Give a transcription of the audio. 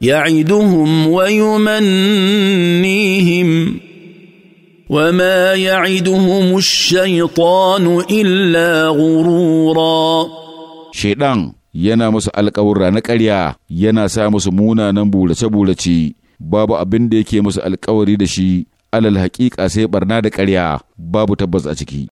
يعدهم ويمنيهم وما يعدهم الشيطان إلا غرورا شيطان yana musu alƙawurra na ƙarya yana sa musu munanan bulace-bulace babu abin da yake musu alƙawari da shi alal haƙiƙa sai barna da ƙarya babu tabbas a ciki